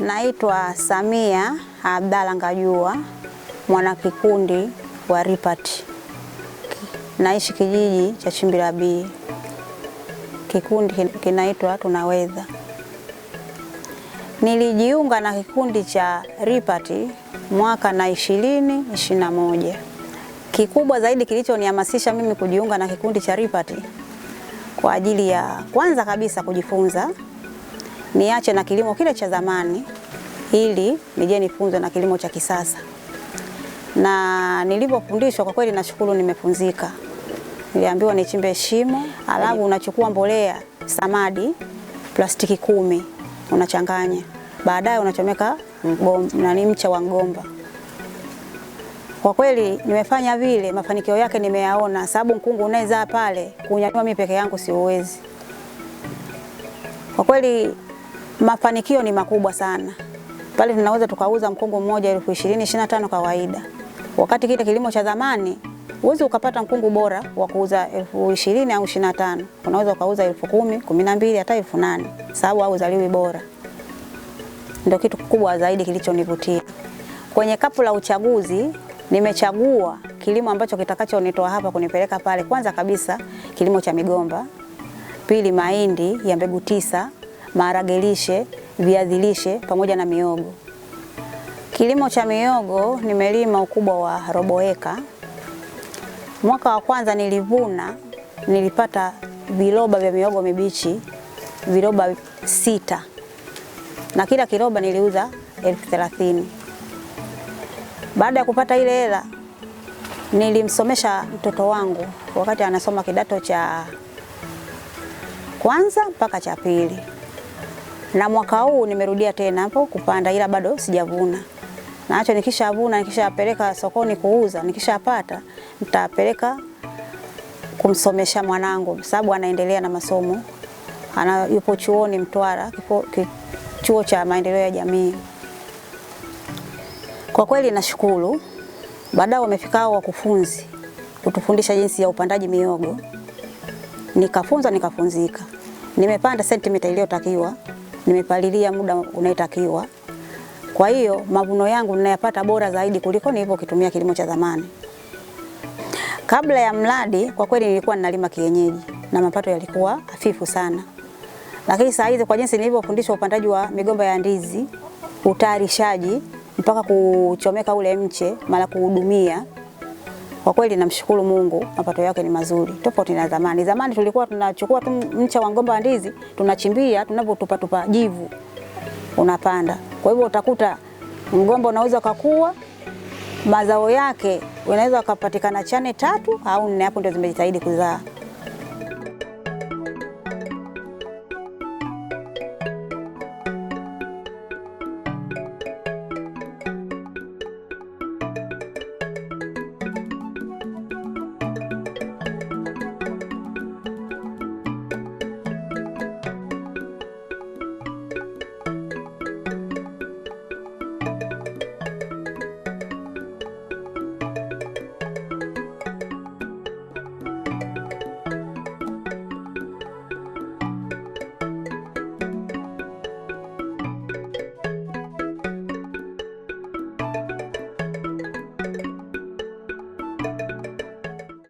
Naitwa Samia Abdalla Ngajua, mwanakikundi wa Ripati, naishi kijiji cha Chimbira B. Kikundi kinaitwa Tunaweza. Nilijiunga na kikundi cha Ripati mwaka na ishirini ishirini na moja. Kikubwa zaidi kilichonihamasisha mimi kujiunga na kikundi cha Ripati kwa ajili ya kwanza kabisa kujifunza niache na kilimo kile cha zamani ili nije nifunzwe na kilimo cha kisasa. Na nilipofundishwa kwa kweli, nashukuru nimefunzika. Niliambiwa nichimbe shimo, alafu unachukua mbolea samadi plastiki kumi unachanganya, baadaye unachomeka na mcha wa mgomba. Kwa kweli nimefanya vile, mafanikio yake nimeyaona, sababu mkungu unaweza pale kunyanyua mimi peke yangu siuwezi kwa kweli mafanikio ni makubwa sana pale, tunaweza tukauza mkungu mmoja elfu ishirini ishirini na tano kawaida, wakati kile kilimo cha zamani uwezi ukapata mkungu bora wa kuuza elfu ishirini au ishirini na tano unaweza ukauza elfu kumi kumi na mbili hata elfu nane sababu au uzaliwi bora. Ndio kitu kikubwa zaidi kilichonivutia kwenye kapu la uchaguzi. Nimechagua kilimo ambacho kitakachonitoa hapa kunipeleka pale. Kwanza kabisa kilimo cha migomba, pili mahindi ya mbegu tisa maharage lishe, viazi lishe pamoja na miogo. Kilimo cha miogo nimelima ukubwa wa robo eka. Mwaka wa kwanza nilivuna, nilipata viroba vya miogo mibichi viroba sita, na kila kiroba niliuza elfu thelathini. Baada ya kupata ile hela nilimsomesha mtoto wangu wakati anasoma kidato cha kwanza mpaka cha pili na mwaka huu nimerudia tena hapo kupanda, ila bado sijavuna. Naacho nikishavuna, nikishapeleka sokoni kuuza, nikishapata nitapeleka kumsomesha mwanangu, sababu anaendelea na masomo ana, yupo chuoni Mtwara, chuo cha maendeleo ya jamii. Kwa kweli nashukuru, baadaye wamefika hao wakufunzi kutufundisha jinsi ya upandaji miogo nikafunza nikafunzika, nimepanda sentimita iliyotakiwa nimepalilia muda unaitakiwa. Kwa hiyo mavuno yangu ninayapata bora zaidi kuliko kitumia kilimo cha zamani. Kabla ya mradi, kwa kweli nilikuwa ninalima kienyeji na mapato yalikuwa hafifu sana, lakini saa hizi kwa jinsi nilivyofundishwa upandaji wa migomba ya ndizi, utayarishaji mpaka kuchomeka ule mche mara kuhudumia kwa kweli namshukuru Mungu, mapato yake ni mazuri tofauti na zamani. Zamani tulikuwa tunachukua tu mcha wa mgomba wa ndizi tunachimbia, tunavyotupatupa jivu unapanda. Kwa hivyo utakuta mgomba unaweza kukua, mazao yake unaweza kupatikana chane tatu au nne, hapo ndio zimejitahidi kuzaa.